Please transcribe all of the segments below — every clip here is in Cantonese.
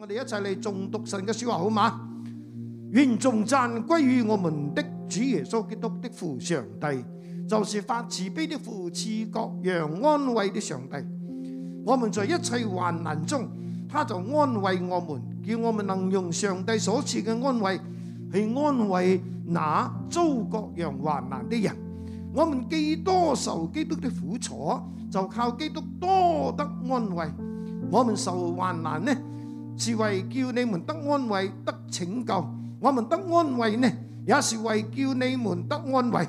我哋一齊嚟誦讀神嘅說話，好嘛？願頌讚歸於我們的主耶穌基督的父上帝，就是發慈悲的父，賜各樣安慰的上帝。我們在一切患難中，他就安慰我們，叫我們能用上帝所賜嘅安慰去安慰那遭各樣患難的人。我們既多受基督的苦楚，就靠基督多得安慰。我們受患難呢，是為叫你們得安慰得拯救，我們得安慰呢，也是為叫你們得安慰。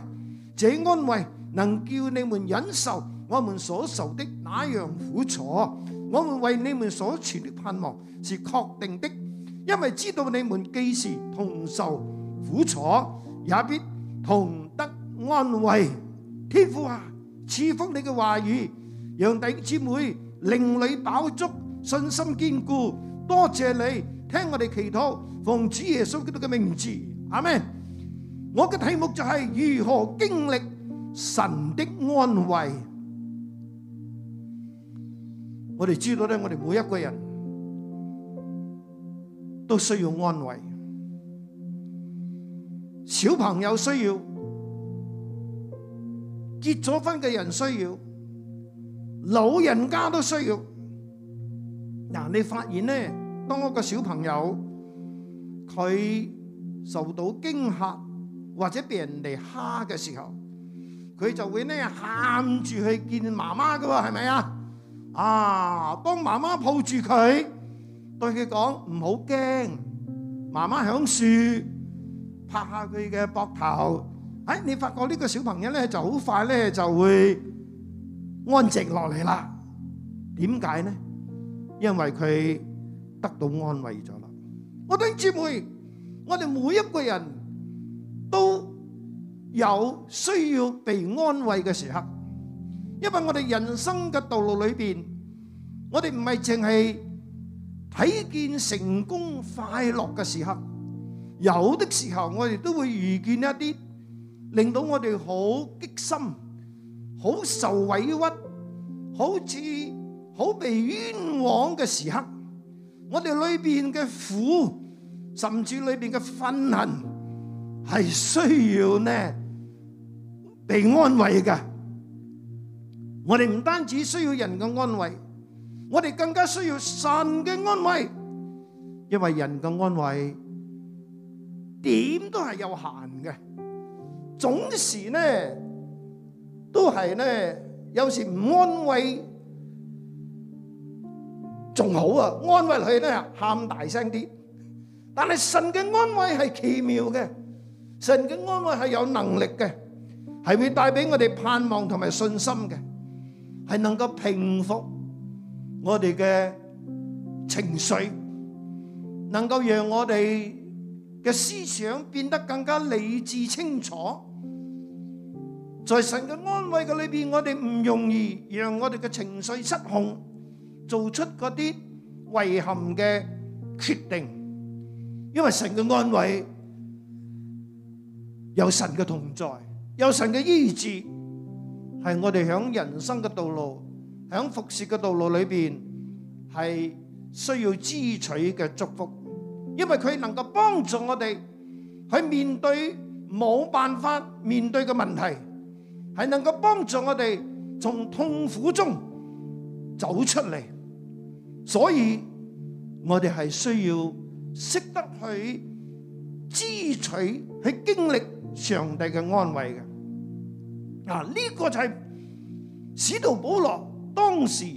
這安慰能叫你們忍受我們所受的那樣苦楚。我們為你們所存的盼望是確定的，因為知道你們既是同受苦楚，也必同得安慰。天父啊，賜福你嘅話語，讓弟兄姊妹靈裏飽足，信心堅固。多謝你聽我哋祈禱，奉主耶穌基督嘅名字，阿們。我嘅題目就係如何經歷神的安慰。我哋知道咧，我哋每一個人都需要安慰。小朋友需要，結咗婚嘅人需要，老人家都需要。嗱，你發現咧，當一個小朋友佢受到驚嚇或者被人哋蝦嘅時候，佢就會咧喊住去見媽媽㗎喎，係咪啊？啊，當媽媽抱住佢，對佢講唔好驚，媽媽響樹拍下佢嘅膊頭。哎，你發覺呢個小朋友咧就好快咧就會安靜落嚟啦。點解咧？因為佢得到安慰咗啦。我等姊、姊妹，我哋每一個人都有需要被安慰嘅時刻，因為我哋人生嘅道路裏邊，我哋唔係淨係睇見成功快樂嘅時刻，有的時候我哋都會遇見一啲令到我哋好激心、好受委屈、好似。好被冤枉嘅時刻，我哋裏邊嘅苦，甚至裏邊嘅憤恨，係需要呢被安慰㗎。我哋唔單止需要人嘅安慰，我哋更加需要神嘅安慰，因為人嘅安慰點都係有限嘅，總是呢都係呢有時唔安慰。仲好啊，安慰佢咧，喊大聲啲。但係神嘅安慰係奇妙嘅，神嘅安慰係有能力嘅，係會帶俾我哋盼望同埋信心嘅，係能夠平復我哋嘅情緒，能夠讓我哋嘅思想變得更加理智清楚。在神嘅安慰嘅裏邊，我哋唔容易讓我哋嘅情緒失控，做出嗰啲遺憾嘅決定，因為神嘅安慰，有神嘅同在，有神嘅醫治，係我哋喺人生嘅道路，喺服侍嘅道路裏邊係需要支取嘅祝福，因為佢能夠幫助我哋去面對冇辦法面對嘅問題，係能夠幫助我哋從痛苦中走出嚟。所以我哋係需要識得去支取、去經歷上帝嘅安慰嘅。嗱、啊，呢、這個就係使徒保羅當時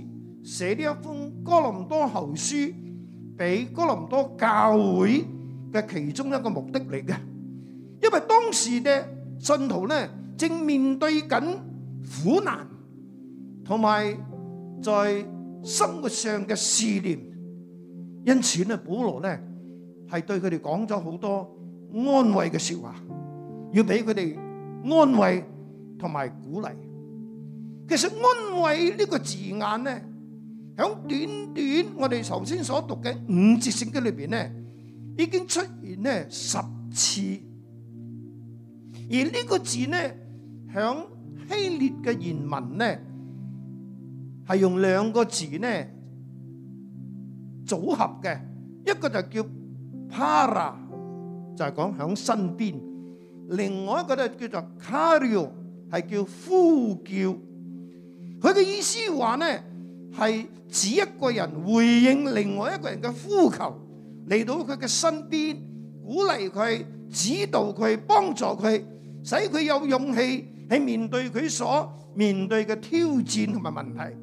寫呢一封哥林多後書俾哥林多教會嘅其中一個目的嚟嘅。因為當時嘅信徒咧正面對緊苦難，同埋在。生活上嘅思念，因此咧，保羅咧係對佢哋講咗好多安慰嘅說話，要俾佢哋安慰同埋鼓勵。其實安慰呢個字眼咧，響短短我哋頭先所讀嘅五節聖經裏邊咧，已經出現呢十次。而呢個字咧，響希臘嘅言文咧，係用兩個字咧組合嘅，一個就叫 Para，就係講喺身邊；另外一個咧叫做 Cario，係叫呼叫。佢嘅意思話咧係指一個人回應另外一個人嘅呼求，嚟到佢嘅身邊，鼓勵佢、指導佢、幫助佢，使佢有勇氣去面對佢所面對嘅挑戰同埋問題。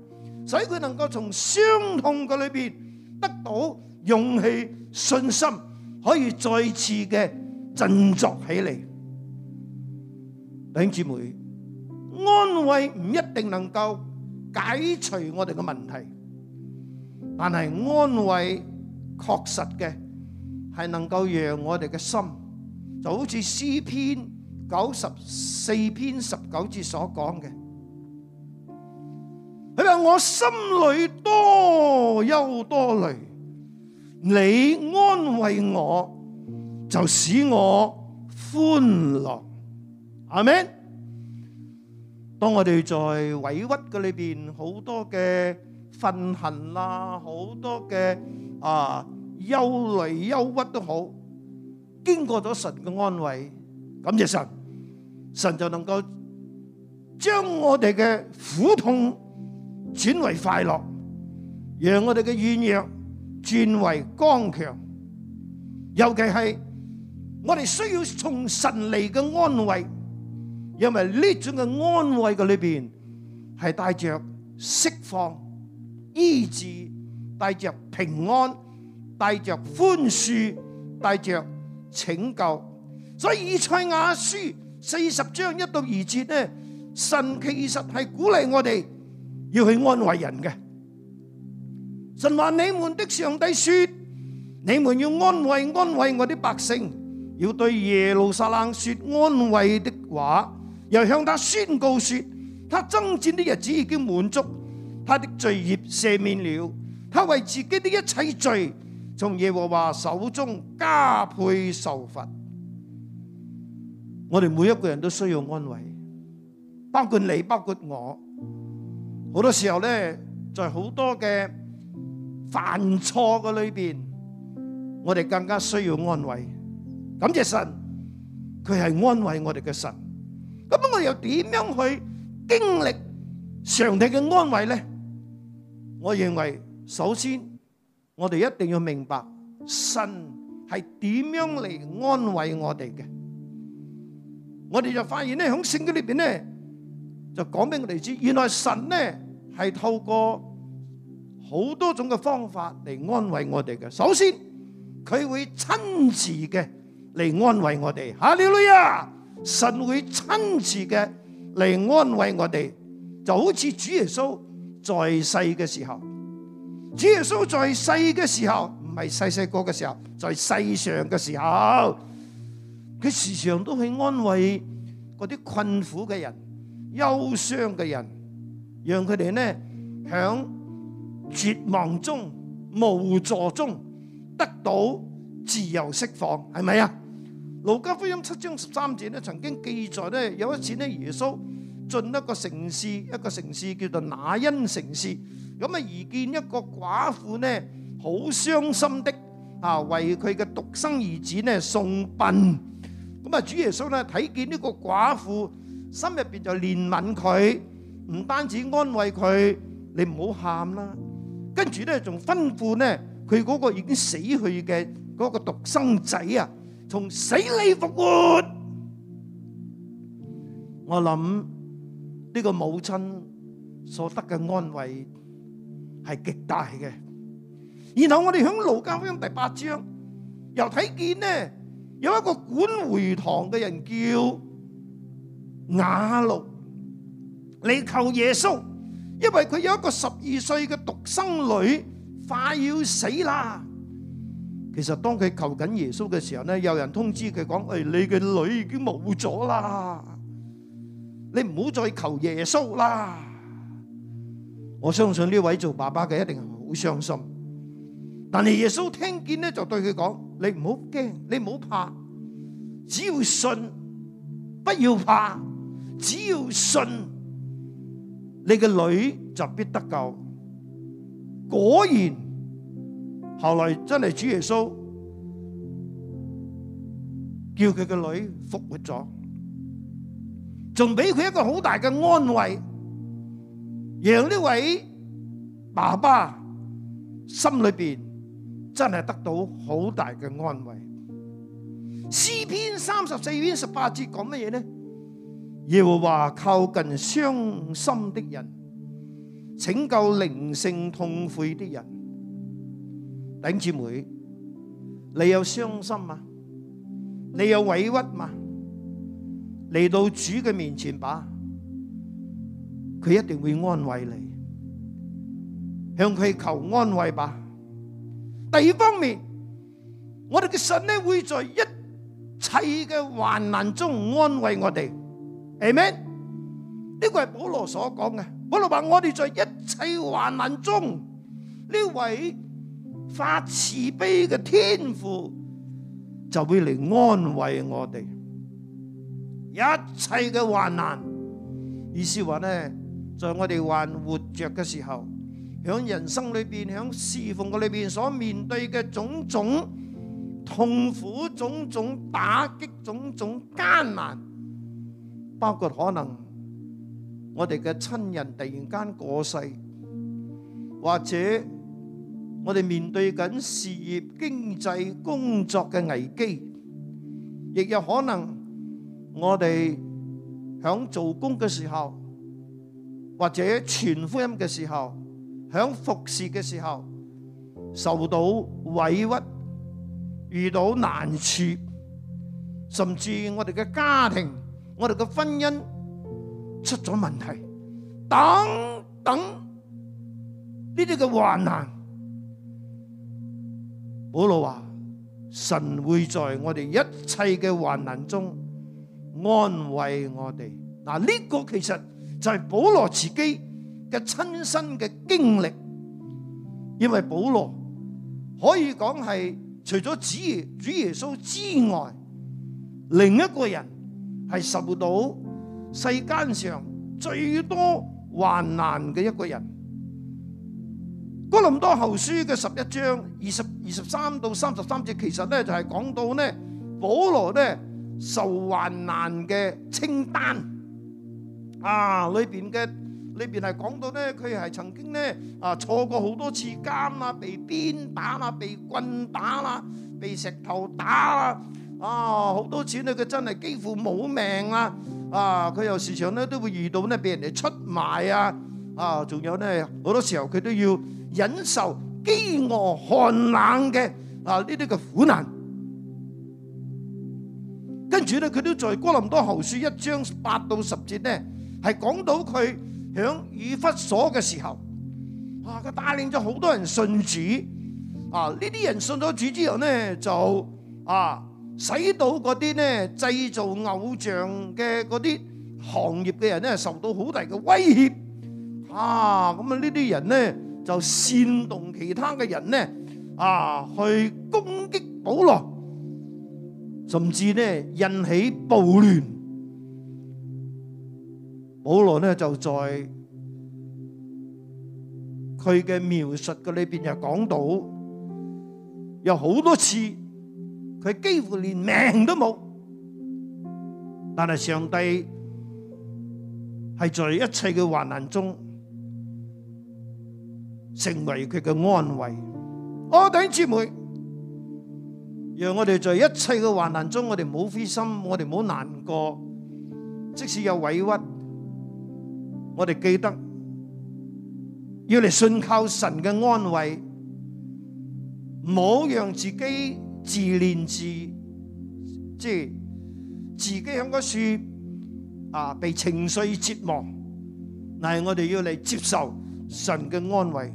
所以佢能夠從傷痛嘅裏邊得到勇氣、信心，可以再次嘅振作起嚟。弟兄姊妹，安慰唔一定能夠解除我哋嘅問題，但係安慰確實嘅係能夠讓我哋嘅心就好似詩篇九十四篇十九節所講嘅。佢話我心裏多憂多慮，你安慰我，就使我歡樂。係咪？當我哋在委屈嘅裏邊，好多嘅憤恨啦，好多嘅啊憂慮憂鬱都好，經過咗神嘅安慰，感謝神，神就能夠將我哋嘅苦痛轉為快樂，讓我哋嘅軟弱轉為剛強。尤其係我哋需要從神嚟嘅安慰，因為呢種嘅安慰喺裏邊係帶着釋放、醫治，帶着平安、帶着寬恕、帶着拯救。所以以賽亞書四十章一到二節呢，神其實係鼓勵我哋，要去安慰人嘅神話，你們的上帝說，你們要安慰安慰我的百姓，要對耶路撒冷說安慰的話，又向他宣告說，他爭戰的日子已經滿足，他的罪孽赦免了，他為自己的一切罪，從耶和華手中加倍受罰。我哋每一個人都需要安慰，包括你，包括我。好多時候咧，在好多嘅犯錯嘅裏邊，我哋更加需要安慰。感謝神，佢係安慰我哋嘅神。咁我又點樣去經歷上帝嘅安慰咧？我認為首先我哋一定要明白神係點樣嚟安慰我哋嘅。我哋就發現咧，喺聖經裏邊咧，就講俾我哋知，原來神呢係透過好多種嘅方法嚟安慰我哋嘅。首先，佢會親自嘅嚟安慰我哋。吓，料女啊，神會親自嘅嚟安慰我哋。就好似主耶穌在世嘅時候，主耶穌在世嘅時候唔係細細個嘅時候，在世上嘅時候，佢時常都去安慰嗰啲困苦嘅人。憂傷嘅人，讓佢哋呢響絕望中、無助中，得到自由釋放，係咪啊？《路加福音》七章十三節呢，曾經記載呢，有一次呢，耶穌進一個城市，一個城市叫做拿因城市，咁啊，遇見一個寡婦呢，好傷心的啊，為佢嘅獨生兒子呢送殯，咁啊，主耶穌呢睇見呢個寡婦。心入邊就憐憫佢，唔單止安慰佢，你唔好喊啦。跟住咧，仲吩咐咧佢嗰個已經死去嘅嗰個獨生仔啊，從死裏復活。我諗呢個母親所得嘅安慰係極大嘅。然後我哋響路加福音第八章，又睇見咧有一個管會堂嘅人叫雅路嚟求耶穌，因為佢有一個十二歲嘅獨生女快要死啦。其實當佢求緊耶穌嘅時候咧，有人通知佢講：誒，你嘅女已經冇咗啦，你唔好再求耶穌啦。我相信呢位做爸爸嘅一定係好傷心。但係耶穌聽見咧，就對佢講：你唔好驚，你唔好怕，只要信，不要怕。只要信，你嘅女就必得救。果然，後來真係主耶穌叫佢嘅女復活咗，仲俾佢一個好大嘅安慰，讓呢位爸爸心裏邊真係得到好大嘅安慰。詩篇三十四篇十八節講乜嘢呢？耶和華靠近傷心的人，拯救靈性痛悔的人。弟兄姊妹，你有傷心嗎？你有委屈嗎？嚟到主嘅面前吧，佢一定會安慰你。向佢求安慰吧。第二方面，我哋嘅神呢會在一切嘅患難中安慰我哋。Amen？呢個係保羅所講嘅。保羅話：我哋在一切患難中，呢位發慈悲嘅天父就會嚟安慰我哋。一切嘅患難，意思話呢，在我哋還活着嘅時候，響人生裏邊、響侍奉嘅裏邊所面對嘅種種痛苦、種種打擊、種種艱難。包括可能我哋嘅親人突然間過世，或者我哋面對緊事業、經濟、工作嘅危機，亦有可能我哋響做工嘅時候，或者傳福音嘅時候，響服侍嘅時候受到委屈，遇到難處，甚至我哋嘅家庭。我哋嘅婚姻出咗問題，等等呢啲嘅患難，保羅話：神會在我哋一切嘅患難中安慰我哋。嗱，呢個其實就係保羅自己嘅親身嘅經歷，因為保羅可以講係除咗主耶,主耶穌之外，另一個人。係受到世間上最多患難嘅一個人，《哥林多後書》嘅十一章二十、二十三到三十三節，其實咧就係、是、講到呢，保羅呢受患難嘅清單啊，裏邊嘅裏邊係講到呢，佢係曾經呢啊坐過好多次監啊，被鞭打啊，被棍打啦，被石頭打啦。啊！好多錢咧，佢真係幾乎冇命啊！啊，佢又時常咧都會遇到咧俾人哋出賣啊！啊，仲有咧好多時候佢都要忍受飢餓寒冷嘅啊呢啲嘅苦難。跟住咧，佢都在《哥林多後書》一章八到十節咧，係講到佢響以弗所嘅時候，啊！佢帶領咗好多人信主啊！呢啲人信咗主之後咧，就啊～使到嗰啲呢製造偶像嘅嗰啲行業嘅人呢受到好大嘅威脅，啊，咁啊呢啲人呢就煽動其他嘅人呢啊去攻擊保羅，甚至呢引起暴亂。保羅呢就在佢嘅描述嘅裏邊又講到有好多次。佢幾乎連命都冇，但係上帝係在一切嘅患難中成為佢嘅安慰。我、哦、弟姊妹，讓我哋在一切嘅患難中，我哋唔好灰心，我哋唔好難過，即使有委屈，我哋記得要嚟信靠神嘅安慰，唔好讓自己。自憐自，即係自己喺個樹啊，被情緒折磨。但嗱，我哋要嚟接受神嘅安慰。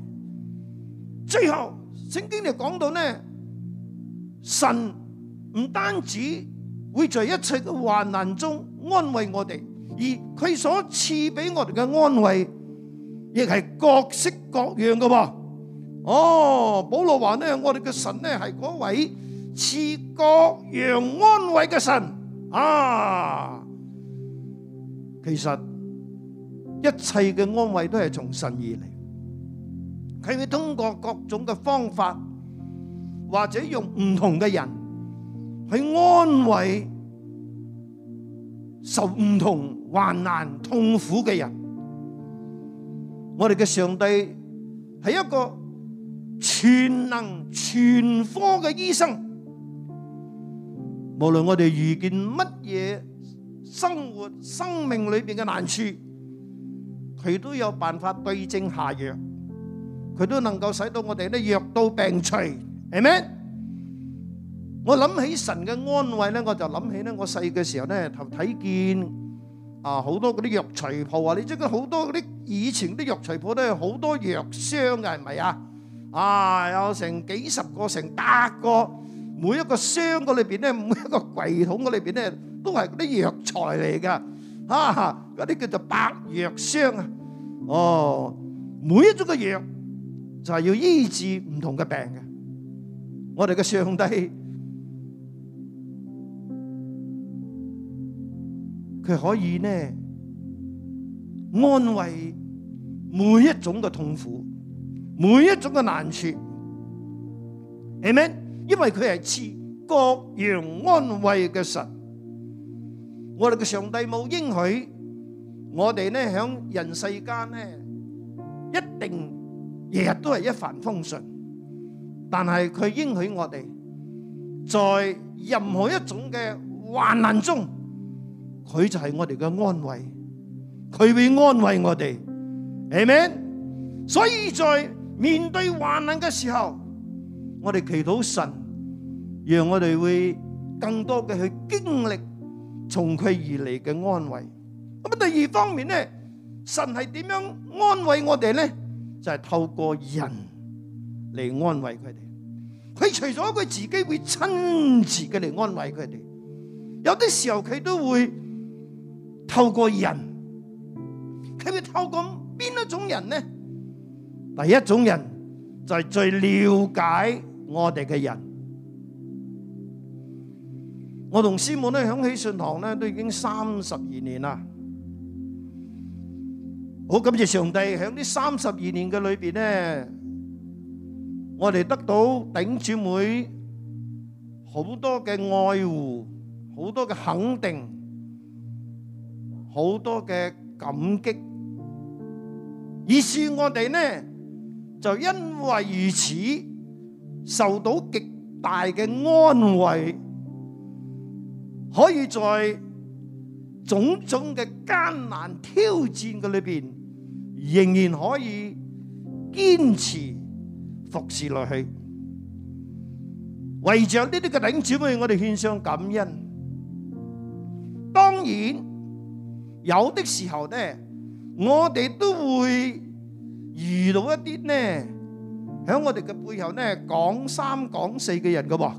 最後聖經就講到呢，神唔單止會在一切嘅患難中安慰我哋，而佢所賜俾我哋嘅安慰，亦係各式各樣嘅。哦，保羅話呢，我哋嘅神呢，係嗰位。賜各樣安慰嘅神啊，其實一切嘅安慰都係從神而嚟，佢會通過各種嘅方法，或者用唔同嘅人去安慰受唔同患難痛苦嘅人。我哋嘅上帝係一個全能全科嘅醫生。無論我哋遇見乜嘢生活、生命裏邊嘅難處，佢都有辦法對症下藥，佢都能夠使到我哋咧藥到病除，係咪？我諗起神嘅安慰咧，我就諗起咧我細嘅時候咧，頭睇見啊好多嗰啲藥材鋪啊，你知佢好多嗰啲以前啲藥材鋪都係好多藥商嘅，係咪啊？啊有成幾十個，成百個。每一個箱個裏邊咧，每一個櫃桶個裏邊咧，都係啲藥材嚟噶，啊，啲叫做白藥箱啊。哦，每一種嘅藥就係要醫治唔同嘅病嘅。我哋嘅上帝，佢可以呢安慰每一種嘅痛苦，每一種嘅難處。Amen。因為佢係賜各樣安慰嘅神，我哋嘅上帝冇應許我哋呢響人世間呢一定日日都係一帆風順，但係佢應許我哋，在任何一種嘅患難中，佢就係我哋嘅安慰，佢會安慰我哋，係咪？所以在面對患難嘅時候。我哋祈禱神，讓我哋會更多嘅去經歷從佢而嚟嘅安慰。咁啊，第二方面咧，神係點樣安慰我哋咧？就係透過人嚟安慰佢哋。佢除咗佢自己會親自嘅嚟安慰佢哋，有啲時候佢都會透過人。佢會透過邊一種人咧？第一種人就係最了解。我哋嘅人，我同師母咧響起信堂咧都已經三十二年啦。好感謝上帝，響呢三十二年嘅裏邊咧，我哋得到頂主妹好多嘅愛護，好多嘅肯定，好多嘅感激，於是我哋咧就因為如此。受到極大嘅安慰，可以在種種嘅艱難挑戰嘅裏邊，仍然可以堅持服侍落去。為著呢啲嘅領主，為我哋獻上感恩。當然，有的時候呢，我哋都會遇到一啲呢。喺我哋嘅背後咧，講三講四嘅人嘅話，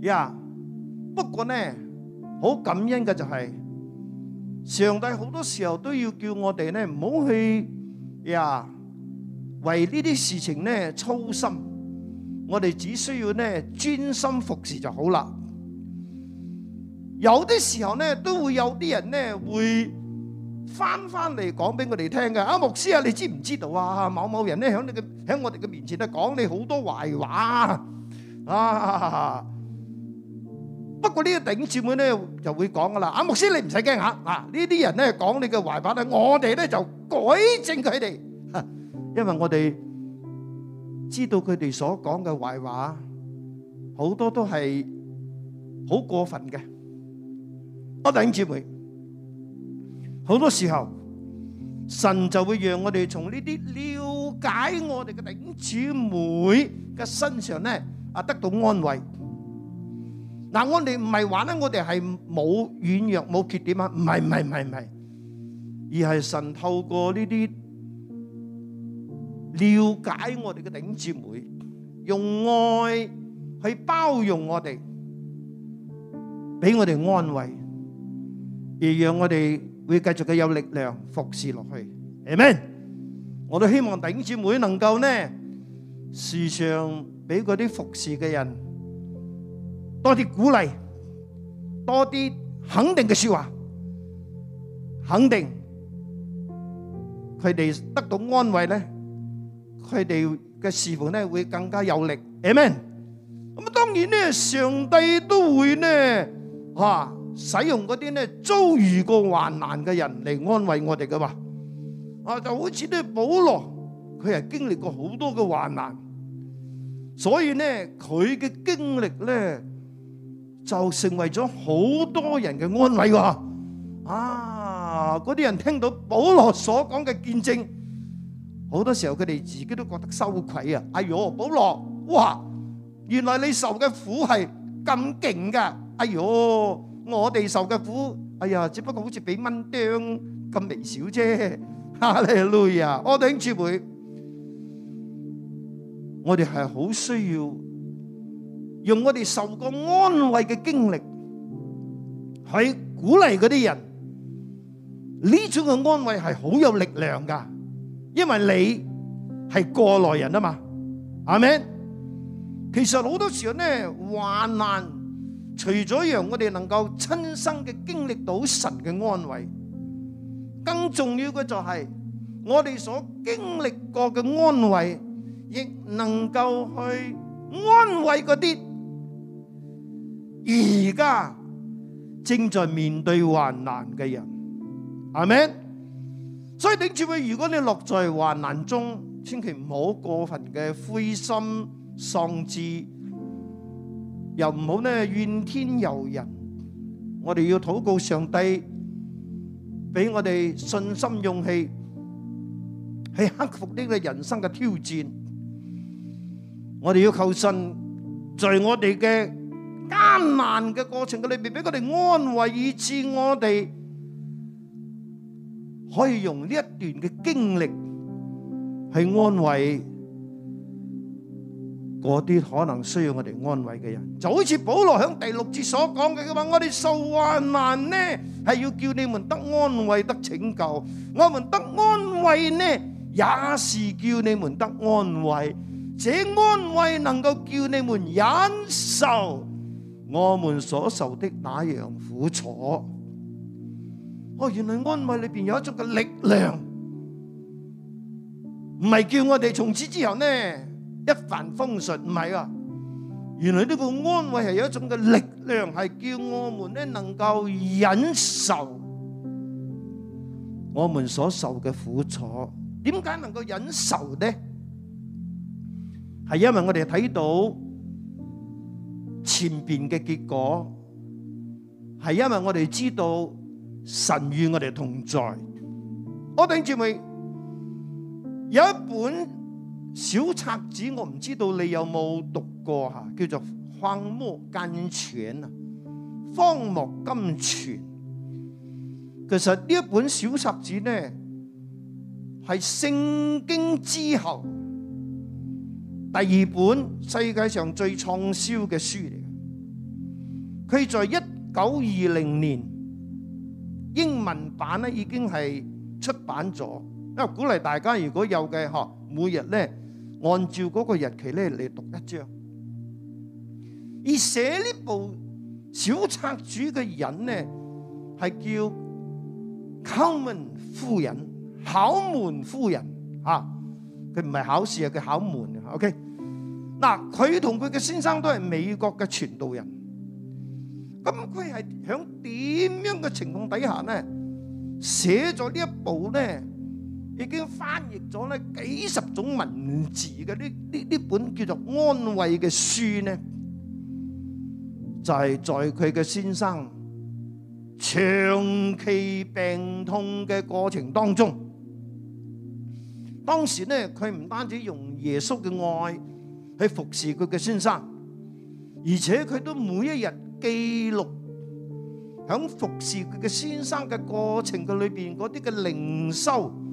呀，yeah，不過咧，好感恩嘅就係、是，上帝好多時候都要叫我哋咧，唔好去呀，yeah, 為呢啲事情咧操心，我哋只需要咧專心服侍就好啦。有啲時候咧，都會有啲人咧會。返返嚟講俾我哋聽嘅，阿牧師啊，你知唔知道啊？某某人咧喺你嘅喺我哋嘅面前咧講你好多壞話啊！不過呢個頂姊妹咧就會講噶啦，阿牧師你唔使驚嚇，嗱呢啲人咧講你嘅壞話咧，我哋咧就改正佢哋，因為我哋知道佢哋所講嘅壞話好多都係好過分嘅。我頂姊妹。好多時候，神就會讓我哋從呢啲了解我哋嘅頂姊妹嘅身上咧，啊得到安慰。嗱，我哋唔係話咧，我哋係冇軟弱、冇缺點啊？唔係、唔係、唔係、唔係，而係神透過呢啲了解我哋嘅頂姊妹，用愛去包容我哋，俾我哋安慰，而讓我哋。會繼續嘅有力量服侍落去，Amen。我都希望頂住會能夠呢，時常俾嗰啲服侍嘅人多啲鼓勵，多啲肯定嘅說話，肯定佢哋得到安慰咧，佢哋嘅事奉咧會更加有力，Amen。咁啊，當然咧，上帝都會咧，吓。使用嗰啲咧遭遇過患難嘅人嚟安慰我哋㗎嘛，啊就好似啲保羅，佢係經歷過好多嘅患難，所以咧佢嘅經歷咧就成為咗好多人嘅安慰喎。啊，嗰啲人聽到保羅所講嘅見證，好多時候佢哋自己都覺得羞愧啊！哎呦，保羅，哇，原來你受嘅苦係咁勁㗎，哎呦！我哋受嘅苦，哎呀，只不過好似俾蚊叮咁微小啫，哈利路亞！我哋兄姊妹，我哋係好需要用我哋受過安慰嘅經歷，去鼓勵嗰啲人。呢種嘅安慰係好有力量噶，因為你係過來人啊嘛，係咪？其實好多時候咧，患難。除咗讓我哋能夠親身嘅經歷到神嘅安慰，更重要嘅就係、是、我哋所經歷過嘅安慰，亦能夠去安慰嗰啲而家正在面對患難嘅人，係咪？所以弟兄們，如果你落在患難中，千祈唔好過分嘅灰心喪志。喪又唔好咧怨天尤人，我哋要禱告上帝俾我哋信心勇氣，去克服呢個人生嘅挑戰。我哋要求神在我哋嘅艱難嘅過程嘅裏邊，俾佢哋安慰以至我哋，可以用呢一段嘅經歷去安慰。嗰啲可能需要我哋安慰嘅人，就好似保羅響第六節所講嘅，佢話我哋受患難呢，係要叫你們得安慰，得拯救；我們得安慰呢，也是叫你們得安慰。這安慰能夠叫你們忍受我們所受的那樣苦楚。哦，原來安慰裏邊有一種嘅力量，唔係叫我哋從此之後呢，一帆風順唔係啊！原來呢個安慰係一種嘅力量，係叫我們咧能夠忍受我們所受嘅苦楚。點解能夠忍受呢？係因為我哋睇到前邊嘅結果，係因為我哋知道神與我哋同在。我頂住未有一本。小冊子我唔知道你有冇讀過嚇，叫做《荒漠金泉》啊，《荒漠金泉》其實呢一本小冊子呢，係聖經之後第二本世界上最暢銷嘅書嚟。佢在一九二零年英文版咧已經係出版咗，因為鼓勵大家如果有嘅呵。每日咧，按照嗰個日期咧嚟讀一章。而寫呢部《小冊主》嘅人呢，係叫夫人考門夫人考，考門夫人嚇。佢唔係考試啊，佢考門啊。OK，嗱，佢同佢嘅先生都係美國嘅傳道人。咁佢係響點樣嘅情況底下呢？寫咗呢一部咧？已經翻譯咗咧幾十種文字嘅，呢呢呢本叫做安慰嘅書呢就係、是、在佢嘅先生長期病痛嘅過程當中，當時呢，佢唔單止用耶穌嘅愛去服侍佢嘅先生，而且佢都每一日記錄響服侍佢嘅先生嘅過程嘅裏邊嗰啲嘅靈修。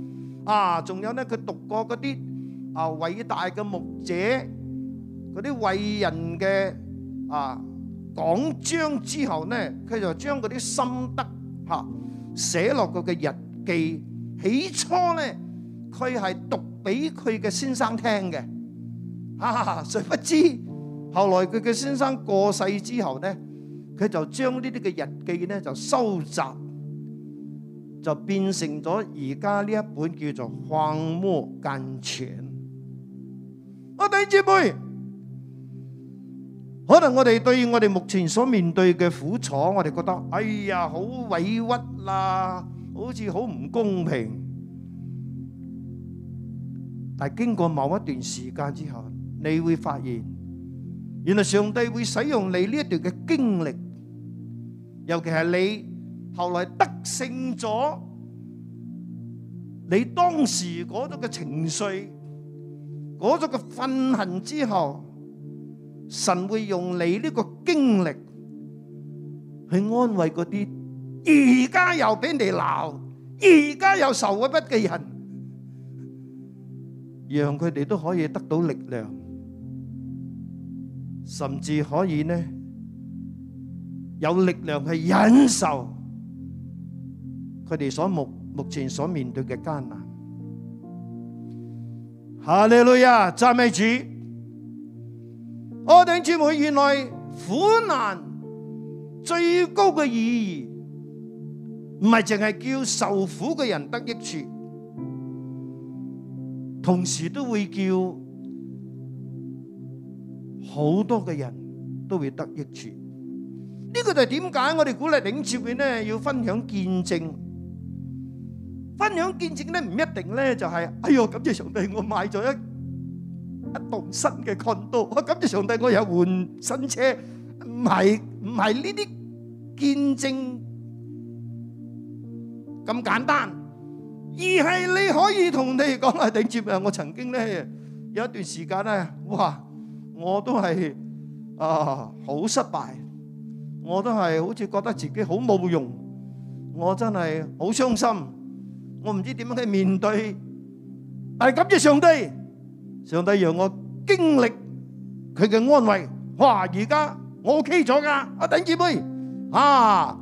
啊，仲有咧，佢讀過嗰啲啊偉大嘅牧者，嗰啲偉人嘅啊講章之後呢，佢就將嗰啲心得嚇、啊、寫落佢嘅日記。起初呢，佢係讀俾佢嘅先生聽嘅，哈嚇，誰不知後來佢嘅先生過世之後呢，佢就將呢啲嘅日記呢就收集。就變成咗而家呢一本叫做荒漠甘泉。我哋弟兄姊妹，可能我哋對我哋目前所面對嘅苦楚，我哋覺得哎呀好委屈啦，好似好唔公平。但係經過某一段時間之後，你會發現，原來上帝會使用你呢一段嘅經歷，尤其係你。後來得勝咗，你當時嗰種嘅情緒，嗰種嘅憤恨之後，神會用你呢個經歷去安慰嗰啲，而家又俾你鬧，而家又受咗不記恨，讓佢哋都可以得到力量，甚至可以呢有力量去忍受。佢哋所目目前所面對嘅艱難，哈利路亞讚美主！我哋姊妹原來苦難最高嘅意義，唔係淨係叫受苦嘅人得益處，同時都會叫好多嘅人都會得益處。呢個就係點解我哋鼓勵頂前面呢要分享見證。分享見證咧唔一定咧就係、是，哎喲感謝上帝我買咗一一棟新嘅 condo 感謝上帝我又換新車，唔係唔係呢啲見證咁簡單，而係你可以同你講啊頂住啊，我曾經咧有一段時間咧，哇我都係啊好失敗，我都係好似覺得自己好冇用，我真係好傷心。我唔知點樣去面對，但係感謝上帝，上帝讓我經歷佢嘅安慰。哇！而家我 ok 咗噶，我頂住杯啊！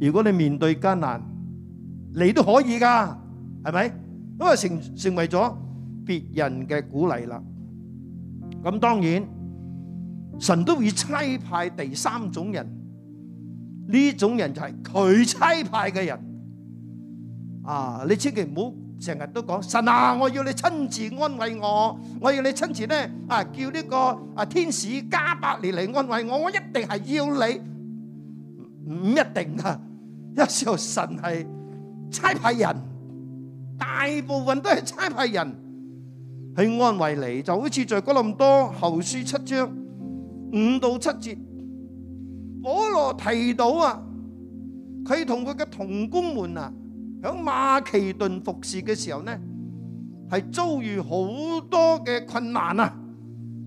如果你面對艱難，你都可以噶，係咪？因為成成為咗別人嘅鼓勵啦。咁當然，神都會差派第三種人，呢種人就係佢差派嘅人。啊！你千祈唔好成日都講神啊！我要你親自安慰我，我要你親自咧啊叫呢個啊天使加百列嚟安慰我，我一定係要你唔一定啊。有時候神係差派人，大部分都係差派人去安慰你，就好似在哥林多後書七章五到七節，保羅提到啊，佢同佢嘅同工們啊。喺馬其頓服侍嘅時候呢，係遭遇好多嘅困難啊！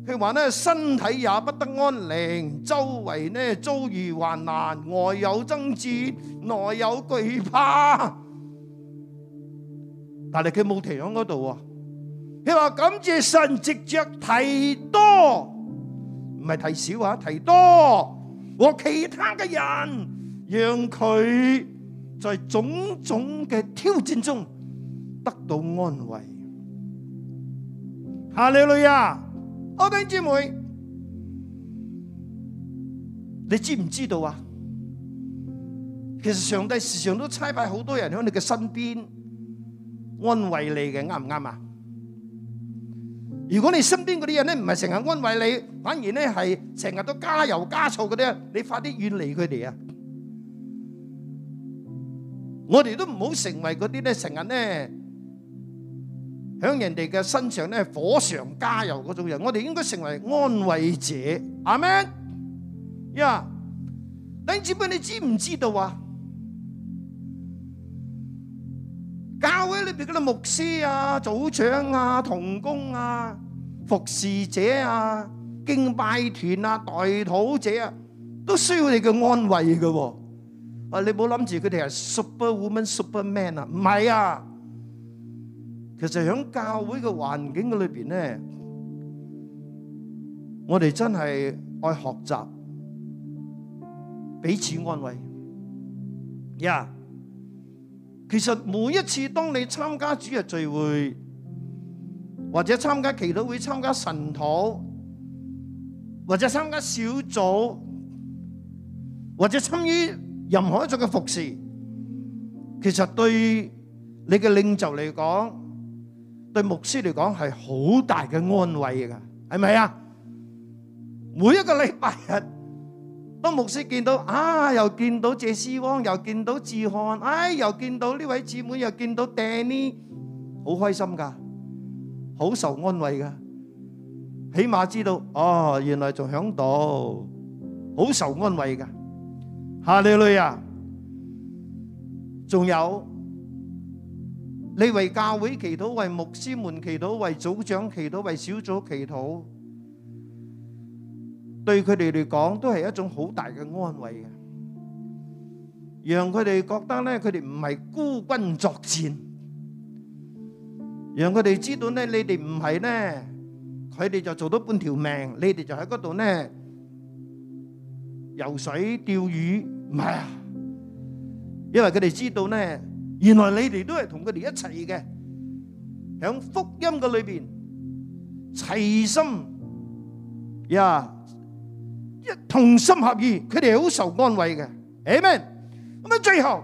佢話呢，身體也不得安寧，周圍呢，遭遇患難，外、呃、有爭戰，內、呃、有懼怕。但係佢冇停喺嗰度啊。佢話感謝神藉着提多，唔係提少啊，提多和其他嘅人，讓佢。在種種嘅挑戰中得到安慰。哈利路亞，我的姊妹，你知唔知道啊？其實上帝時常都差派好多人喺你嘅身邊安慰你嘅，啱唔啱啊？如果你身邊嗰啲人咧唔係成日安慰你，反而咧係成日都加油加醋嗰啲，你快啲遠離佢哋啊！我哋都唔好成為嗰啲咧，成日咧響人哋嘅身上咧火上加油嗰種人。我哋應該成為安慰者。阿門呀，林志斌，你知唔知道啊？教會裏邊嗰啲牧師啊、組長啊、同工啊、服侍者啊、敬拜團啊、代禱者啊，都需要你嘅安慰嘅、哦。啊！你冇諗住佢哋係 super woman、super man 啊？唔係啊！其實喺教會嘅環境嘅裏邊咧，我哋真係愛學習、彼此安慰。呀！其實每一次當你參加主日聚會，或者參加祈禱會、參加神討，或者參加小組，或者參與。任何一種嘅服侍，其實對你嘅領袖嚟講，對牧師嚟講係好大嘅安慰噶，係咪啊？每一個禮拜日，當牧師見到啊，又見到謝思汪，又見到志漢，哎，又見到呢位姊妹，又見到 Danny，好開心噶，好受安慰噶，起碼知道哦，原來仲響度，好受安慰噶。下你女啊，仲有你為教會祈禱，為牧師們祈禱，為組長祈禱，為小組祈禱，對佢哋嚟講都係一種好大嘅安慰嘅，讓佢哋覺得咧，佢哋唔係孤軍作戰，讓佢哋知道咧，你哋唔係咧，佢哋就做到半條命，你哋就喺嗰度咧。游水、釣魚，唔係啊！因為佢哋知道咧，原來你哋都係同佢哋一齊嘅，喺福音嘅裏邊齊心呀，一同心合意，佢哋好受安慰嘅。Amen。咁喺最後，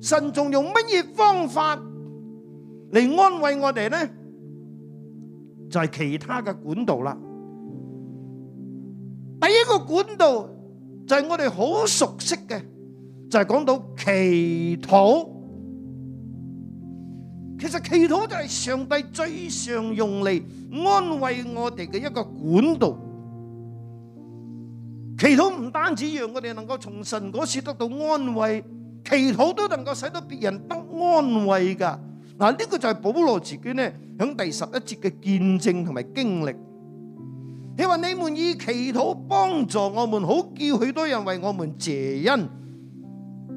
神仲用乜嘢方法嚟安慰我哋咧？就係其他嘅管道啦。第一個管道。就係我哋好熟悉嘅，就係、是、講到祈禱。其實祈禱就係上帝最常用嚟安慰我哋嘅一個管道。祈禱唔單止讓我哋能夠從神嗰時得到安慰，祈禱都能夠使到別人得安慰噶。嗱、這、呢個就係保羅自己呢，響第十一節嘅見證同埋經歷。佢話，你們以祈禱幫助我們，好叫許多人為我們謝恩，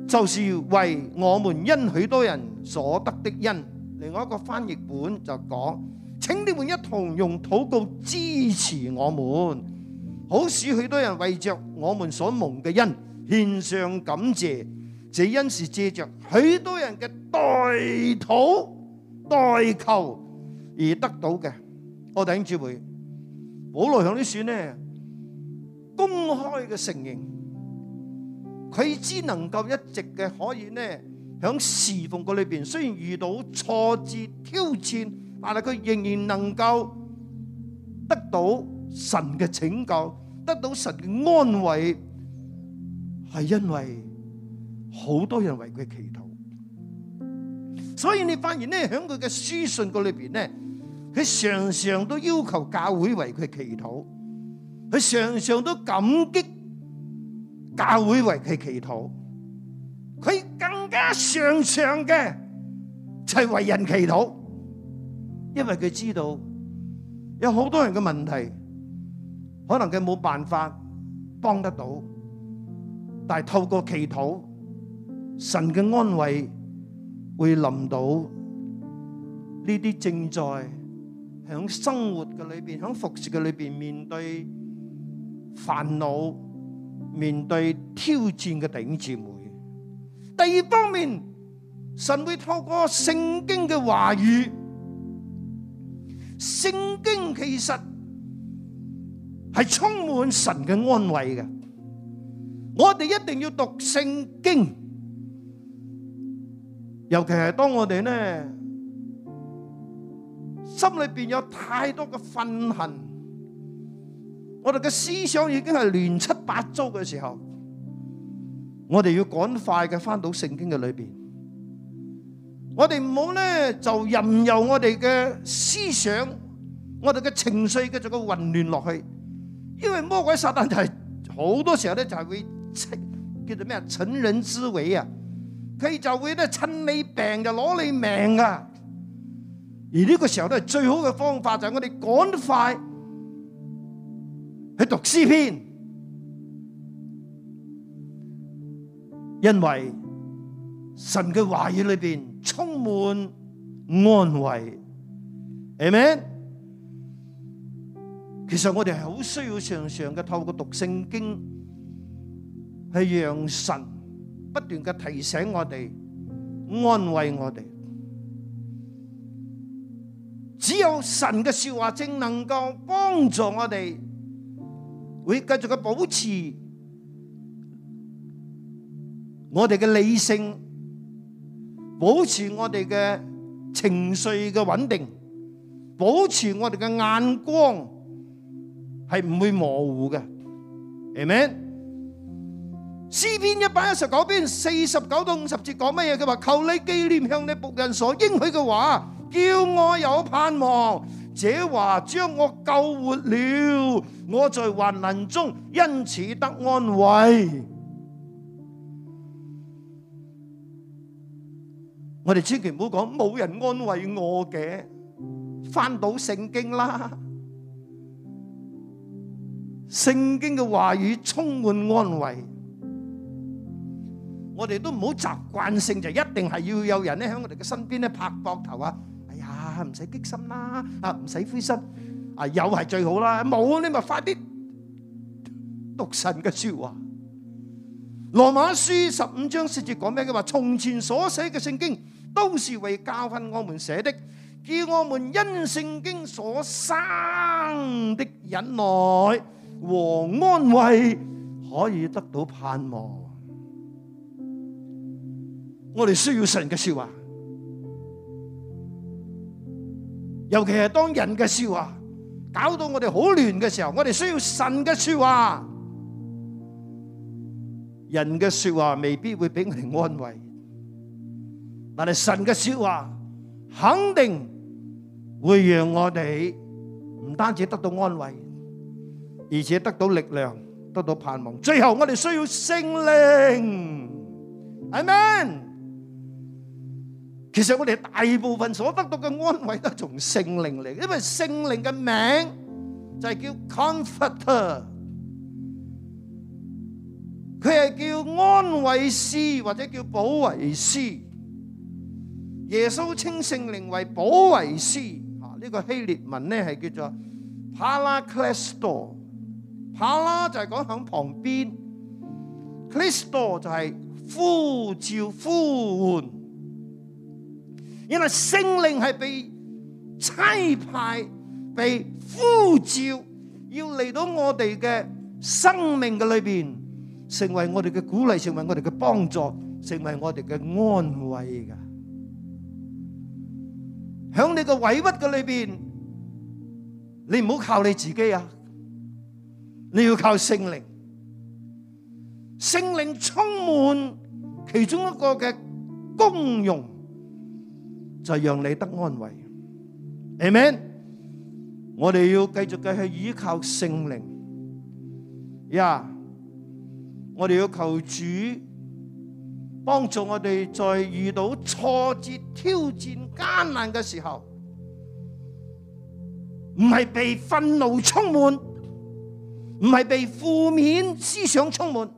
就是為我們因許多人所得的恩。另外一個翻譯本就講，請你們一同用禱告支持我們，好使許多人為着我們所蒙嘅恩獻上感謝。這恩是借着許多人嘅代禱、代求而得到嘅。我哋住會。好耐響啲選呢，公開嘅承認，佢只能夠一直嘅可以呢。響侍奉個裏邊，雖然遇到挫折挑戰，但係佢仍然能夠得到神嘅拯救，得到神嘅安慰，係因為好多人為佢祈禱，所以你發現呢，響佢嘅書信個裏邊呢。佢常常都要求教會為佢祈禱，佢常常都感激教會為佢祈禱，佢更加常常嘅就係為人祈禱，因為佢知道有好多人嘅問題，可能佢冇辦法幫得到，但係透過祈禱，神嘅安慰會臨到呢啲正在。喺生活嘅裏邊，喺服侍嘅裏邊，面對煩惱、面對挑戰嘅弟兄姊妹。第二方面，神會透過聖經嘅話語，聖經其實係充滿神嘅安慰嘅。我哋一定要讀聖經，尤其係當我哋呢。心裏邊有太多嘅憤恨，我哋嘅思想已經係亂七八糟嘅時候，我哋要趕快嘅翻到聖經嘅裏邊。我哋唔好咧就任由我哋嘅思想、我哋嘅情緒繼續嘅混亂落去，因為魔鬼撒旦就係、是、好多時候咧就，就會稱叫做咩啊，趁人之危啊，佢就會咧趁你病就攞你命㗎。而呢個時候都係最好嘅方法，就係我哋趕快去讀詩篇，因為神嘅話語裏邊充滿安慰，係咪？其實我哋係好需要常常嘅透過讀聖經，係讓神不斷嘅提醒我哋，安慰我哋。只有神嘅說話正能夠幫助我哋，會繼續去保持我哋嘅理性，保持我哋嘅情緒嘅穩定，保持我哋嘅眼光係唔會模糊嘅，係咪？詩篇一百一十九篇四十九到五十節講乜嘢？佢話，求你紀念向你僕人所應許嘅話。叫我有盼望，這話將我救活了，我在患難中因此得安慰。我哋千祈唔好講冇人安慰我嘅，翻到聖經啦，聖經嘅話語充滿安慰。我哋都唔好習慣性就一定係要有人咧喺我哋嘅身邊咧拍膊頭啊！係唔使激心啦，啊唔使灰心，啊有係最好啦，冇你咪快啲讀神嘅說話。羅馬書十五章四節講咩？佢話從前所寫嘅聖經都是為教訓我們寫的，叫我們因聖經所生的忍耐和安慰可以得到盼望。我哋需要神嘅說話。尤其係當人嘅說話搞到我哋好亂嘅時候，我哋需要神嘅說話。人嘅說話未必會俾我哋安慰，但係神嘅說話肯定會讓我哋唔單止得到安慰，而且得到力量，得到盼望。最後我哋需要聖靈，阿門。其實我哋大部分所得到嘅安慰都係從聖靈嚟，因為聖靈嘅名就係叫 Comforter，佢係叫安慰師或者叫保惠師。耶穌稱聖靈為保惠師，吓呢個希臘文咧係叫做 Paracletos，Para 就係講響旁邊，Cletos 就係呼召、呼喚。因為聖靈係被差派、被呼召，要嚟到我哋嘅生命嘅裏邊，成為我哋嘅鼓勵，成為我哋嘅幫助，成為我哋嘅安慰嘅。喺你嘅委屈嘅裏邊，你唔好靠你自己啊！你要靠聖靈，聖靈充滿其中一個嘅功用。就讓你得安慰，Amen。我哋要繼續繼續依靠聖靈。呀，我哋要求主幫助我哋，在遇到挫折、挑戰、艱難嘅時候，唔係被憤怒充滿，唔係被負面思想充滿，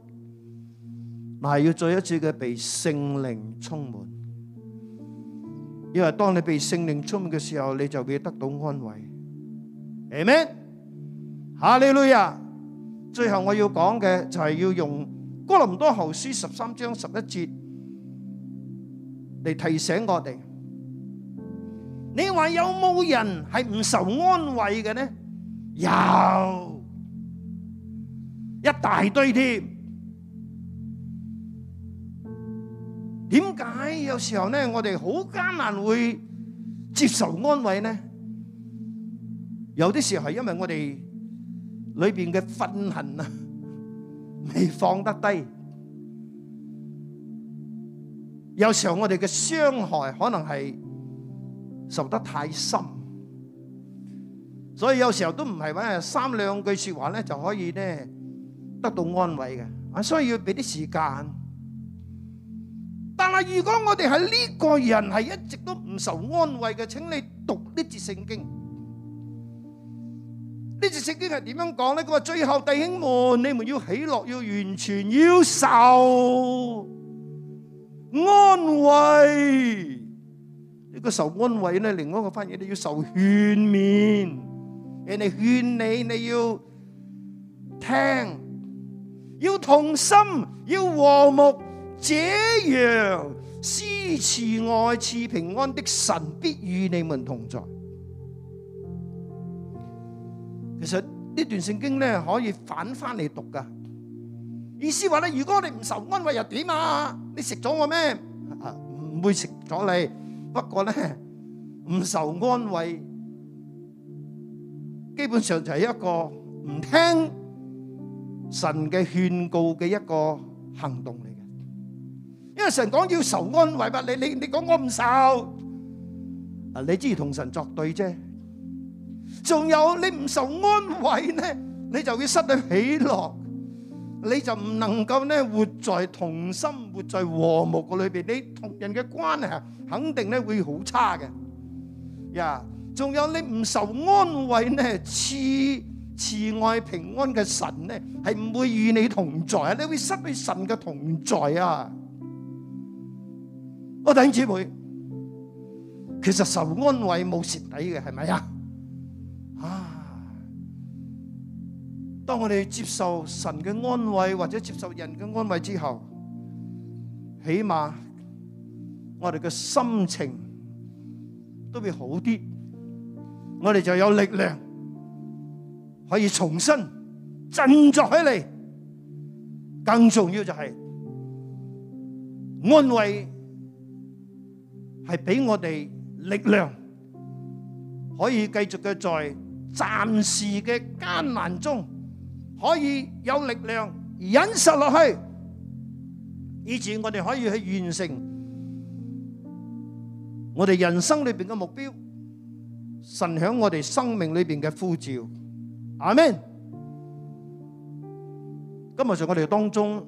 嗱，要再一次嘅被聖靈充滿。因為當你被聖靈充滿嘅時候，你就會得到安慰。阿門。哈利路亞。最後我要講嘅就係要用哥林多後書十三章十一節嚟，提醒我哋。你話有冇人係唔受安慰嘅呢？有，一大堆添。點解有時候咧，我哋好艱難會接受安慰咧？有啲時候係因為我哋裏面嘅憤恨啊，未放得低。有時候我哋嘅傷害可能係受得太深，所以有時候都唔係話三兩句說話咧就可以咧得到安慰嘅，所以要俾啲時間。如果我哋係呢個人係一直都唔受安慰嘅，請你讀呢節聖經。呢節聖經係點樣講咧？佢話最後弟兄們，你們要喜樂，要完全，要受安慰。呢個受安慰咧，另外一個翻譯咧，要受勸勉，人哋勸你，你要聽，要同心，要和睦。這樣施慈愛、賜平安的神必與你們同在。其實呢段聖經咧，可以反翻嚟讀噶，意思話咧，如果你唔受安慰又點啊？你食咗我咩啊？唔會食咗你。不過咧，唔受安慰，基本上就係一個唔聽神嘅勸告嘅一個行動。因為神講要受安慰，你你你講我唔受，啊，你知同神作對啫。仲有你唔受安慰呢，你就會失去喜樂，你就唔能夠呢活在同心、活在和睦個裏邊，你同人嘅關係肯定呢會好差嘅。呀，仲有你唔受安慰呢，慈慈愛平安嘅神呢，係唔會與你同在，你會失去神嘅同在啊！我等姊妹，其實受安慰冇蝕底嘅係咪啊？啊！當我哋接受神嘅安慰或者接受人嘅安慰之後，起碼我哋嘅心情都會好啲，我哋就有力量可以重新振作起嚟。更重要就係安慰。係俾我哋力量，可以繼續嘅在暫時嘅艱難中，可以有力量忍受落去，以至我哋可以去完成我哋人生裏邊嘅目標。神響我哋生命裏邊嘅呼召，阿門。今日在我哋當中，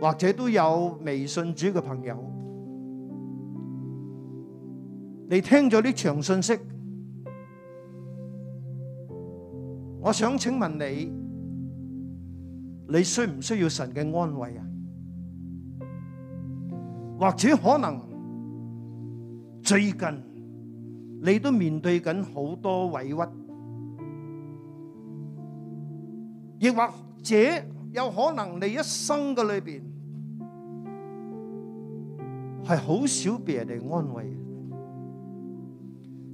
或者都有未信主嘅朋友。你聽咗呢場信息，我想請問你，你需唔需要神嘅安慰啊？或者可能最近你都面對緊好多委屈，亦或者有可能你一生嘅裏邊係好少俾人哋安慰。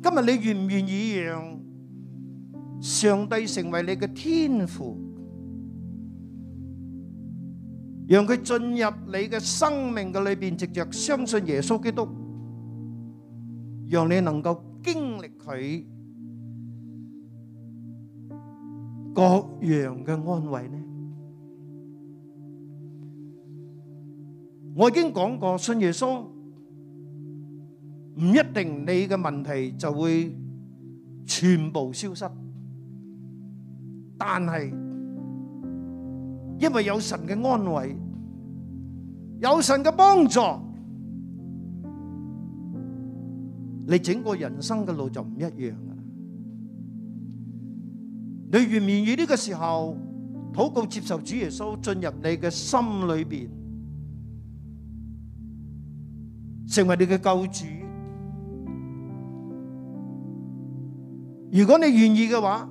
今日你願唔願意讓上帝成為你嘅天父，讓佢進入你嘅生命嘅裏邊，藉着相信耶穌基督，讓你能夠經歷佢各樣嘅安慰呢？我已經講過，信耶穌。唔一定你嘅問題就會全部消失，但係因為有神嘅安慰，有神嘅幫助，你整個人生嘅路就唔一樣啦。你願唔願意呢個時候，禱告接受主耶穌進入你嘅心裏邊，成為你嘅救主？如果你願意嘅話，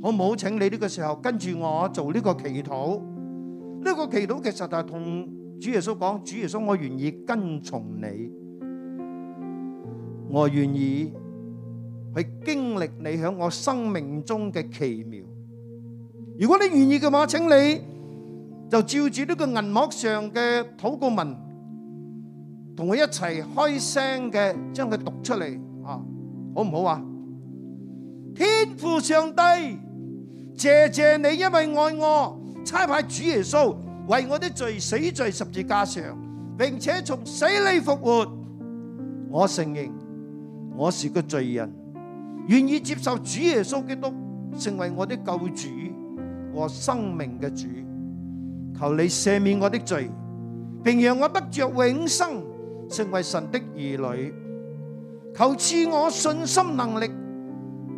好唔好請你呢個時候跟住我做呢個祈禱。呢個祈禱其實就係同主耶穌講，主耶穌我願意跟從你，我願意去經歷你響我生命中嘅奇妙。如果你願意嘅話，請你就照住呢個銀幕上嘅禱告文，同我一齊開聲嘅將佢讀出嚟啊，好唔好啊？天父上帝，謝謝你因為愛我，差派主耶穌為我的罪死在十字架上，並且從死裏復活。我承認我是個罪人，願意接受主耶穌基督成為我的救主和生命嘅主。求你赦免我的罪，並讓我得著永生，成為神的兒女。求賜我信心能力。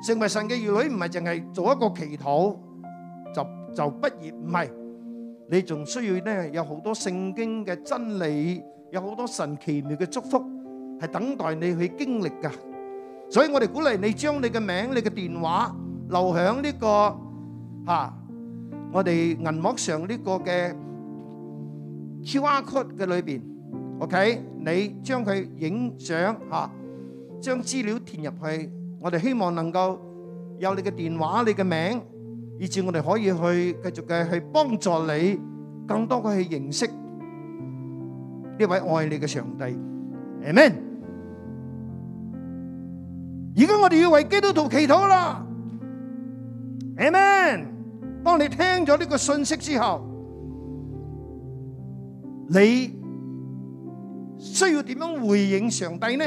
成為神嘅兒女唔係淨係做一個祈禱就就畢業，唔係，你仲需要咧有好多聖經嘅真理，有好多神奇妙嘅祝福係等待你去經歷噶。所以我哋鼓勵你將你嘅名、你嘅電話留響呢個吓我哋銀幕上呢個嘅 QR code 嘅裏邊，OK？你將佢影相吓，將資料填入去。我哋希望能夠有你嘅電話、你嘅名，以至我哋可以去繼續嘅去幫助你，更多嘅去認識呢位愛你嘅上帝。阿門。而家我哋要為基督徒祈禱啦。阿門。當你聽咗呢個信息之後，你需要點樣回應上帝呢？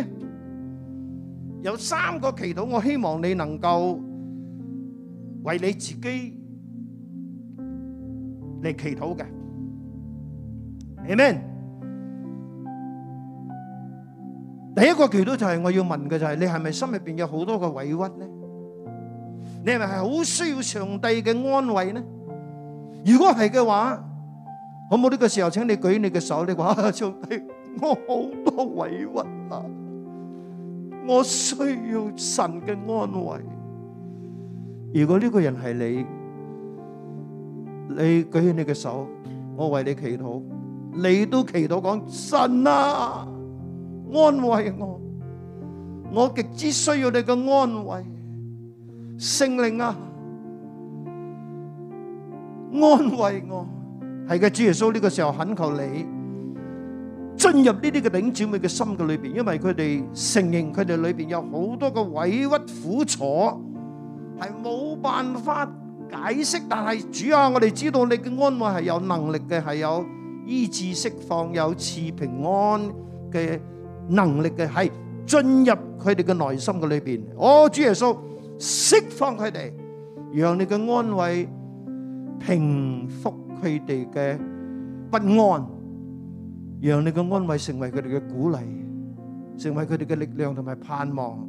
有三個祈禱，我希望你能夠為你自己嚟祈禱嘅。Amen。第一個祈禱就係我要問嘅就係你係咪心入邊有好多嘅委屈呢？你係咪係好需要上帝嘅安慰呢？如果係嘅話，好冇呢個時候，請你舉你嘅手，你話上帝，我好多委屈啊！我需要神嘅安慰。如果呢個人係你，你舉起你嘅手，我為你祈禱。你都祈禱講，神啊，安慰我，我極之需要你嘅安慰。聖靈啊，安慰我。係嘅，主耶穌，呢個時候懇求你。進入呢啲嘅弟兄姊妹嘅心嘅裏邊，因為佢哋承認佢哋裏邊有好多嘅委屈苦楚，係冇辦法解釋。但係主啊，我哋知道你嘅安慰係有能力嘅，係有醫治釋放、有賜平安嘅能力嘅，係進入佢哋嘅內心嘅裏邊。哦，主耶穌釋放佢哋，讓你嘅安慰平復佢哋嘅不安。讓你嘅安慰成為佢哋嘅鼓勵，成為佢哋嘅力量同埋盼望。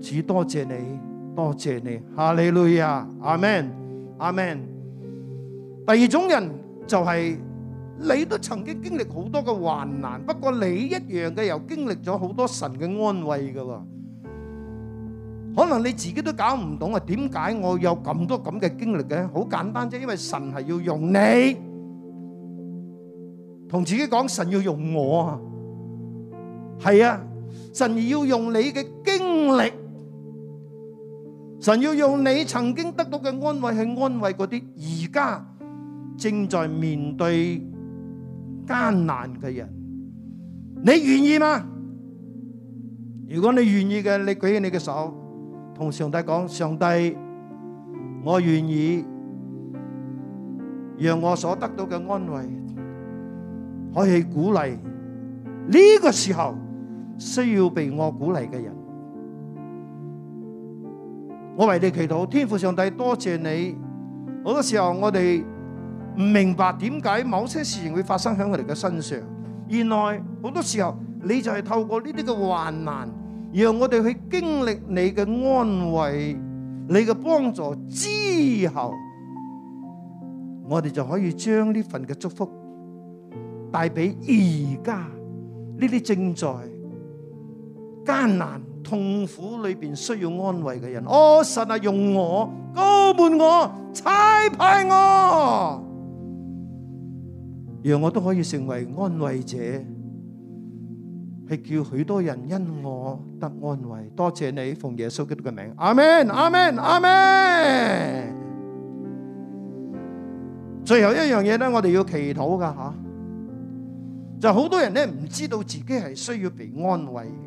主多謝你，多謝你，哈利路亞，阿門，阿門。第二種人就係你都曾經經歷好多嘅患難，不過你一樣嘅又經歷咗好多神嘅安慰㗎。可能你自己都搞唔懂啊，點解我有咁多咁嘅經歷嘅？好簡單啫，因為神係要用你。同自己講，神要用我啊，係啊，神要用你嘅經歷，神要用你曾經得到嘅安慰去安慰嗰啲而家正在面對艱難嘅人，你願意嗎？如果你願意嘅，你舉起你嘅手，同上帝講，上帝，我願意，讓我所得到嘅安慰。可以鼓勵呢個時候需要被我鼓勵嘅人，我為你祈禱，天父上帝多謝你。好多時候我哋唔明白點解某些事情會發生喺我哋嘅身上，原來好多時候你就係透過呢啲嘅患難，讓我哋去經歷你嘅安慰、你嘅幫助之後，我哋就可以將呢份嘅祝福。帶俾而家呢啲正在艱難痛苦裏邊需要安慰嘅人，我、哦、神啊，用我膏抹我差派我，讓我都可以成為安慰者，係叫許多人因我得安慰。多謝你奉耶穌基督嘅名，阿門，阿門，阿門。最後一樣嘢咧，我哋要祈禱噶吓。就好多人咧唔知道自己係需要被安慰嘅，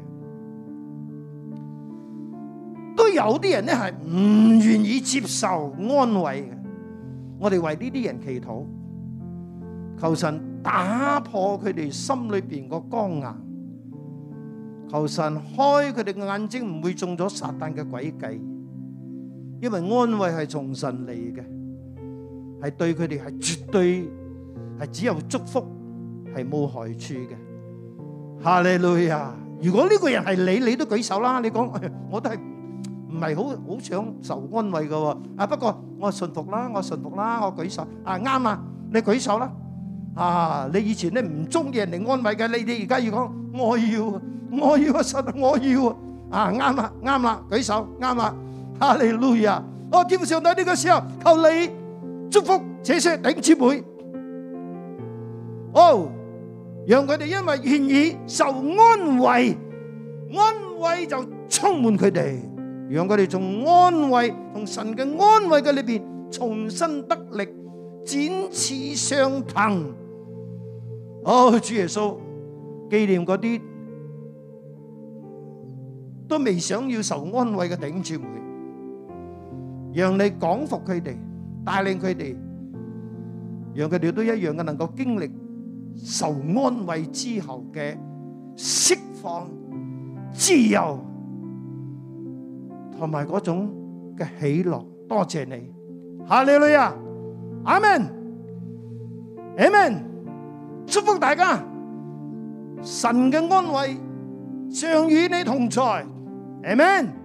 都有啲人咧係唔願意接受安慰嘅。我哋為呢啲人祈禱，求神打破佢哋心裏邊個剛硬，求神開佢哋嘅眼睛，唔會中咗撒旦嘅詭計。因為安慰係從神嚟嘅，係對佢哋係絕對係只有祝福，係冇害處嘅，哈利路亞！如果呢個人係你，你都舉手啦。你講，我都係唔係好好想受安慰嘅喎。啊，不過我順服啦，我順服啦，我舉手。啊，啱啊，你舉手啦。啊，你以前你唔中意人哋安慰嘅，你哋而家要講，我要，我要啊神，我要啊。啊，啱啦，啱啦，舉手，啱啦。哈利路亞！我敬拜上帝呢個時候，求你祝福這些頂姊妹。哦。讓佢哋因為願意受安慰，安慰就充滿佢哋。讓佢哋從安慰同神嘅安慰嘅裏邊，重新得力，展翅上騰。哦，主耶穌，紀念嗰啲都未想要受安慰嘅頂住會，讓你講服佢哋，帶領佢哋，讓佢哋都一樣嘅能夠經歷。受安慰之後嘅釋放、自由同埋嗰種嘅喜樂，多謝你，哈利路亞，阿門，阿門。祝福大家，神嘅安慰常與你同在，阿門。